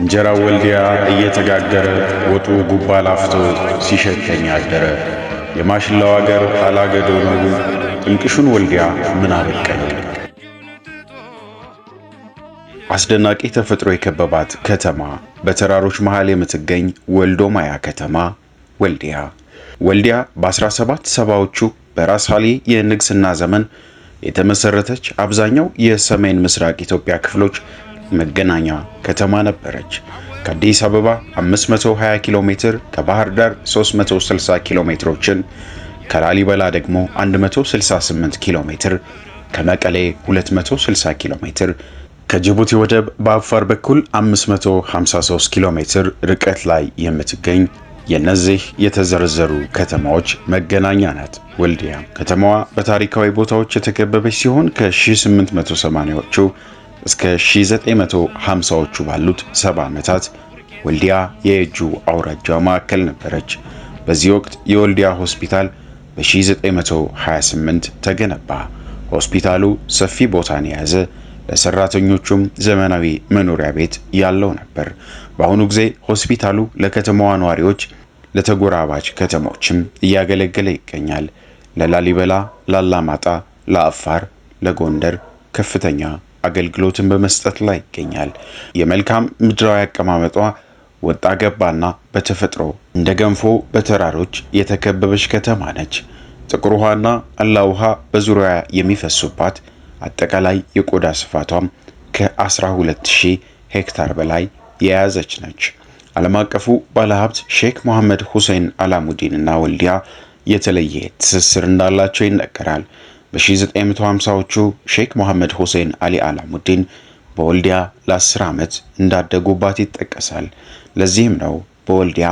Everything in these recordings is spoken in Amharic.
እንጀራው ወልዲያ እየተጋገረ ወጡ ጉባ ላፍቶ ሲሸተኝ አደረ። የማሽላው አገር አላገዶ ነው ጥንቅሹን ወልዲያ ምን አበቀኝ። አስደናቂ ተፈጥሮ የከበባት ከተማ በተራሮች መሃል የምትገኝ ወልዶ ማያ ከተማ ወልዲያ ወልዲያ በ17 ሰባዎቹ በራስ አሊ የንግስና ዘመን የተመሰረተች አብዛኛው የሰሜን ምስራቅ ኢትዮጵያ ክፍሎች መገናኛ ከተማ ነበረች። ከአዲስ አበባ 520 ኪሎ ሜትር፣ ከባህር ዳር 360 ኪሎ ሜትሮችን፣ ከላሊበላ ደግሞ 168 ኪሎ ሜትር፣ ከመቀሌ 260 ኪሎ ሜትር፣ ከጅቡቲ ወደብ በአፋር በኩል 553 ኪሎ ሜትር ርቀት ላይ የምትገኝ የእነዚህ የተዘረዘሩ ከተማዎች መገናኛ ናት። ወልዲያ ከተማዋ በታሪካዊ ቦታዎች የተከበበች ሲሆን ከ1880ዎቹ እስከ 1950ዎቹ ባሉት ሰባ ዓመታት ወልዲያ የየጁ አውራጃ ማዕከል ነበረች። በዚህ ወቅት የወልዲያ ሆስፒታል በ1928 ተገነባ። ሆስፒታሉ ሰፊ ቦታን የያዘ ለሰራተኞቹም ዘመናዊ መኖሪያ ቤት ያለው ነበር። በአሁኑ ጊዜ ሆስፒታሉ ለከተማዋ ነዋሪዎች፣ ለተጎራባች ከተሞችም እያገለገለ ይገኛል። ለላሊበላ፣ ላላማጣ፣ ለአፋር፣ ለጎንደር ከፍተኛ አገልግሎትን በመስጠት ላይ ይገኛል። የመልካም ምድራዊ አቀማመጧ ወጣ ገባና በተፈጥሮ እንደ ገንፎ በተራሮች የተከበበች ከተማ ነች። ጥቁር ውሃና አላ ውሃ በዙሪያ የሚፈሱባት አጠቃላይ የቆዳ ስፋቷም ከ12000 ሄክታር በላይ የያዘች ነች። ዓለም አቀፉ ባለሀብት ሼክ መሐመድ ሁሴን አላሙዲን እና ወልዲያ የተለየ ትስስር እንዳላቸው ይነገራል። በ1950ዎቹ ሼክ መሐመድ ሁሴን አሊ አላሙዲን በወልዲያ ለ10 ዓመት እንዳደጉባት ይጠቀሳል። ለዚህም ነው በወልዲያ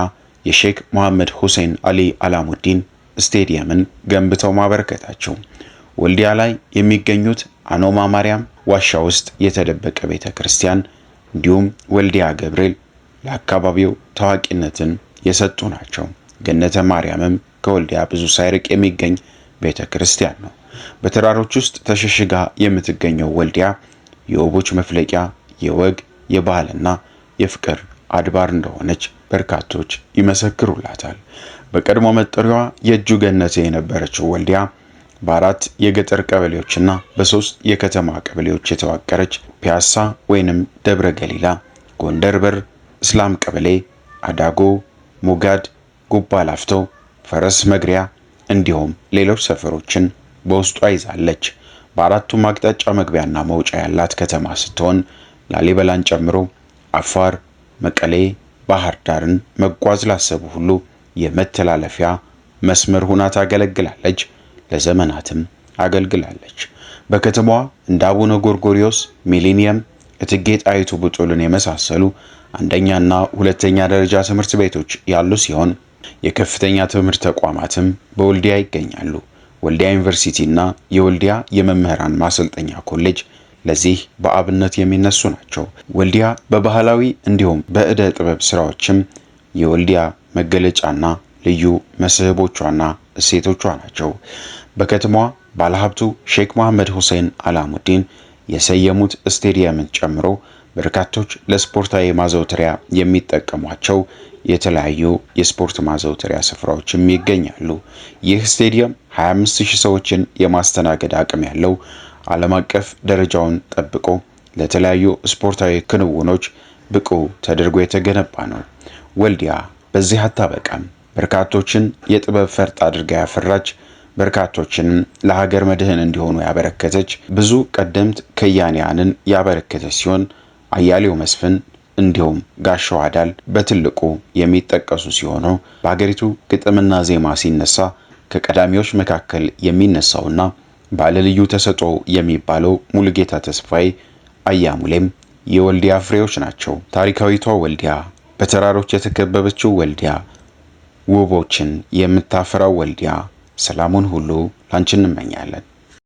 የሼክ መሐመድ ሁሴን አሊ አላሙዲን ስቴዲየምን ገንብተው ማበረከታቸው። ወልዲያ ላይ የሚገኙት አኖማ ማርያም ዋሻ ውስጥ የተደበቀ ቤተ ክርስቲያን እንዲሁም ወልዲያ ገብርኤል ለአካባቢው ታዋቂነትን የሰጡ ናቸው። ገነተ ማርያምም ከወልዲያ ብዙ ሳይርቅ የሚገኝ ቤተ ክርስቲያን ነው። በተራሮች ውስጥ ተሸሽጋ የምትገኘው ወልዲያ የውቦች መፍለቂያ፣ የወግ የባህልና የፍቅር አድባር እንደሆነች በርካቶች ይመሰክሩላታል። በቀድሞ መጠሪያዋ የእጁ ገነቴ የነበረችው ወልዲያ በአራት የገጠር ቀበሌዎችና በሶስት የከተማ ቀበሌዎች የተዋቀረች ፒያሳ ወይንም ደብረ ገሊላ፣ ጎንደር በር፣ እስላም ቀበሌ፣ አዳጎ፣ ሙጋድ፣ ጉባ ላፍቶ፣ ፈረስ መግሪያ እንዲሁም ሌሎች ሰፈሮችን በውስጧ ይዛለች። በአራቱም አቅጣጫ መግቢያና መውጫ ያላት ከተማ ስትሆን ላሊበላን ጨምሮ አፋር፣ መቀሌ፣ ባህር ዳርን መጓዝ ላሰቡ ሁሉ የመተላለፊያ መስመር ሁና ታገለግላለች። ለዘመናትም አገልግላለች። በከተማዋ እንደ አቡነ ጎርጎሪዮስ፣ ሚሊኒየም፣ እትጌ ጣይቱ ብጡልን የመሳሰሉ አንደኛና ሁለተኛ ደረጃ ትምህርት ቤቶች ያሉ ሲሆን የከፍተኛ ትምህርት ተቋማትም በወልዲያ ይገኛሉ። ወልዲያ ዩኒቨርሲቲ እና የወልዲያ የመምህራን ማሰልጠኛ ኮሌጅ ለዚህ በአብነት የሚነሱ ናቸው። ወልዲያ በባህላዊ እንዲሁም በእደ ጥበብ ስራዎችም የወልዲያ መገለጫና ልዩ መስህቦቿና እሴቶቿ ናቸው። በከተማዋ ባለሀብቱ ሼክ መሐመድ ሁሴን አላሙዲን የሰየሙት ስቴዲየምን ጨምሮ በርካቶች ለስፖርታዊ ማዘውተሪያ የሚጠቀሟቸው የተለያዩ የስፖርት ማዘውተሪያ ስፍራዎችም ይገኛሉ። ይህ ስቴዲየም 25000 ሰዎችን የማስተናገድ አቅም ያለው ዓለም አቀፍ ደረጃውን ጠብቆ ለተለያዩ ስፖርታዊ ክንውኖች ብቁ ተደርጎ የተገነባ ነው። ወልዲያ በዚህ አታበቃም። በርካቶችን የጥበብ ፈርጥ አድርጋ ያፈራች በርካቶችንም ለሀገር መድህን እንዲሆኑ ያበረከተች ብዙ ቀደምት ከያንያንን ያበረከተች ሲሆን አያሌው መስፍን እንዲሁም ጋሻው አዳል በትልቁ የሚጠቀሱ ሲሆኑ በሀገሪቱ ግጥምና ዜማ ሲነሳ ከቀዳሚዎች መካከል የሚነሳውና ባለልዩ ተሰጦ የሚባለው ሙሉጌታ ተስፋዬ አያሙሌም የወልዲያ ፍሬዎች ናቸው። ታሪካዊቷ ወልዲያ፣ በተራሮች የተከበበችው ወልዲያ፣ ውቦችን የምታፈራው ወልዲያ ሰላሙን ሁሉ ላንቺ እንመኛለን።